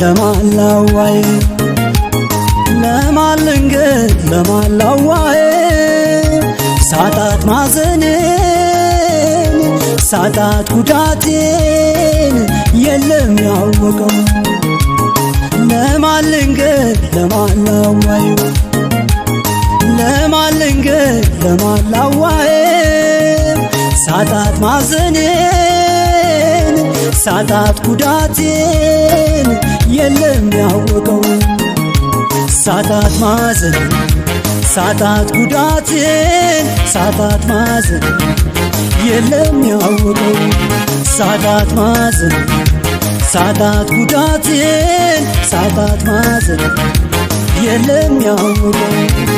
ለማን ላዋይ ለማላዋይ ልንገር ለማን ላዋይ ሳጣት ማዘኔን ሳጣት ጉዳቴን የለም ያወቀው ለማን ልንገር ለማን ላዋይ ለማን ልንገር ለማን ሳጣት ማዘኔን ሳጣት ጉዳቴን የለም ያወቀው ሳጣት ማዘን ሳጣት ጉዳቴን ሳጣት ማዘን የለም ያወቀው ሳጣት ማዘን ሳጣት ጉዳቴን ሳጣት ማዘን የለም ያወቀው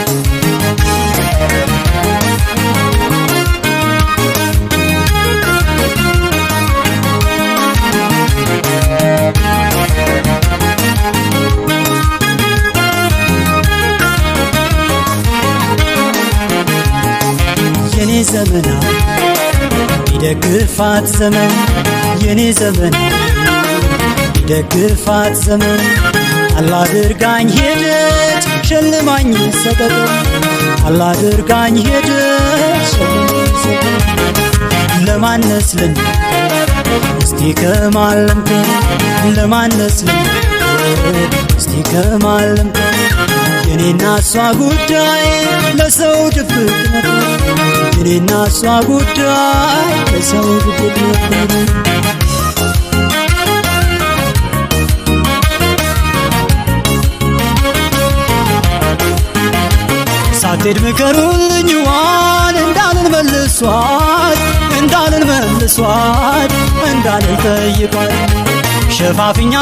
ዘመና ይደግፋት ዘመን የኔ ዘመን ይደግፋት ዘመን አላድርጋኝ ሄደች ሸልማኝ ሰጠጠ አላድርጋኝ ሄደች ለማነስልን እስቲ ከማለምከ ለማነስልን እስቲ ከማለምከ የኔና እሷ ጉዳይ ለሰው ድብቅ ነበር። የኔና እሷ ጉዳይ ለሰው ድብቅ ነበር። ሳትሄድ ምከሩልኝ ዋን እንዳልን መልሷት እንዳልን መልሷት እንዳልን ጠይቋል ሸፋፍኛ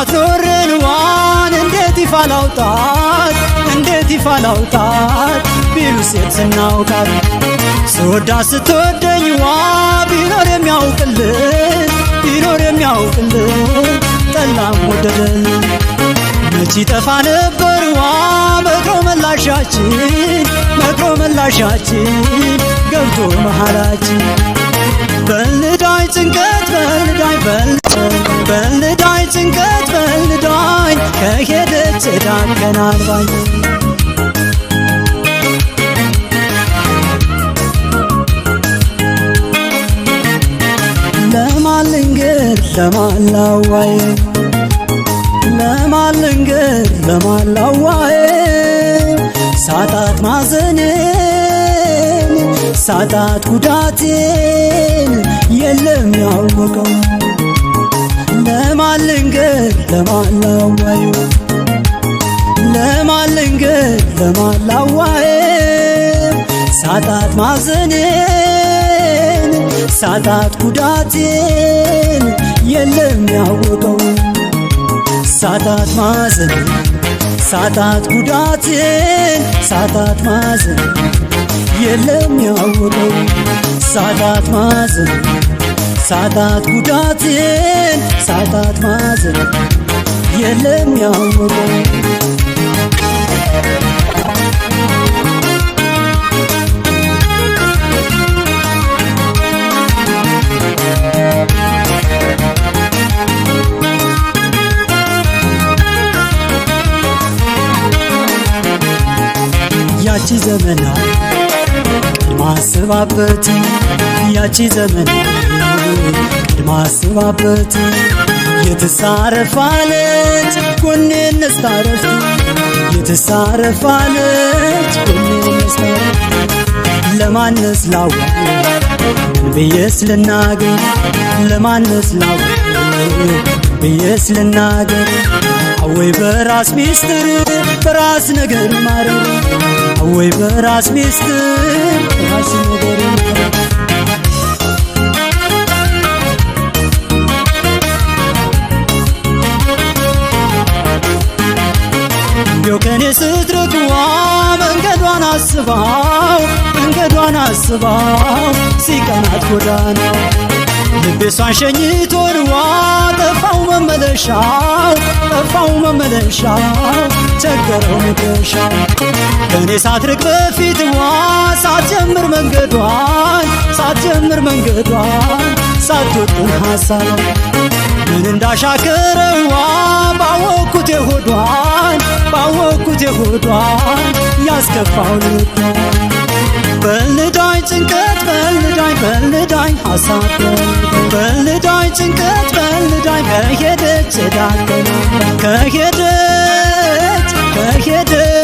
ይፋ ላውጣት እንዴት ይፋ ቢሉ ሴት ስናውቃት ስወዳ ስትወደኝ ዋ ቢኖር የሚያውቅል ቢኖር የሚያውቅልን ጠላም ወደደን መች ይጠፋ ነበር ዋ መክሮ መላሻችን መክሮ መላሻችን ገብቶ መሃላችን በልዳይ ጭንቀት በልዳይ በልዳይ ጭንቀት በልዳይ ከሄደ ተዳቀናል ባየ ለማን ልንገር ለማን ላዋዬ ለማን ልንገር ሳጣት ማዘኔን ሳጣት ጉዳቴን የለም ያወቀው ለማን ልንገር ለማላዋይም ሳጣት ማዘኔን ሳጣት ጉዳቴን የለም ያወቀው ሳጣት ማዘን ሳጣት ጉዳቴን ሳጣት ማዘን የለም ያወቀው ሳጣት ማዘን ሳጣት ጉዳቴን ሳጣት ማዘን የለም ያወቀው ዘመና ማስባበት ያቺ ዘመን ማስባበት የተሳረፋለች ጎኔ ነስታረፍ የተሳረፋለች ጎኔ ነስታረፍ ለማነስ ላው ብዬስ ልናገር ለማነስ ላው ብዬስ ልናገር አወይ በራስ ሚስጥር በራስ ነገር ማረር ወይ በራስ ሚስትር ከኔ ስትርቅዋ መንገዷን አስባው መንገዷን አስባው ሲቀናት ጎዳና ልቤሷን ሸኝቶንዋ ጠፋው መመለሻው ጠፋው መመለሻ ቸገረው መድረሻ ከእኔ ሳትርቅ በፊትዋ ሳትጀምር መንገዷን ሳትጀምር መንገዷን ሳትወጥን ሐሳብ ምን እንዳሻገረዋ ባወኩት የሆዷን ባወኩት የሆዷን ያስከፋውን ልቧን በልዳይ ጭንቀት በልዳይ በልዳይ ሀሳብ በልዳይ ጭንቀት በልዳይ ከሄደች ሄዳለ ከሄደች ከሄደች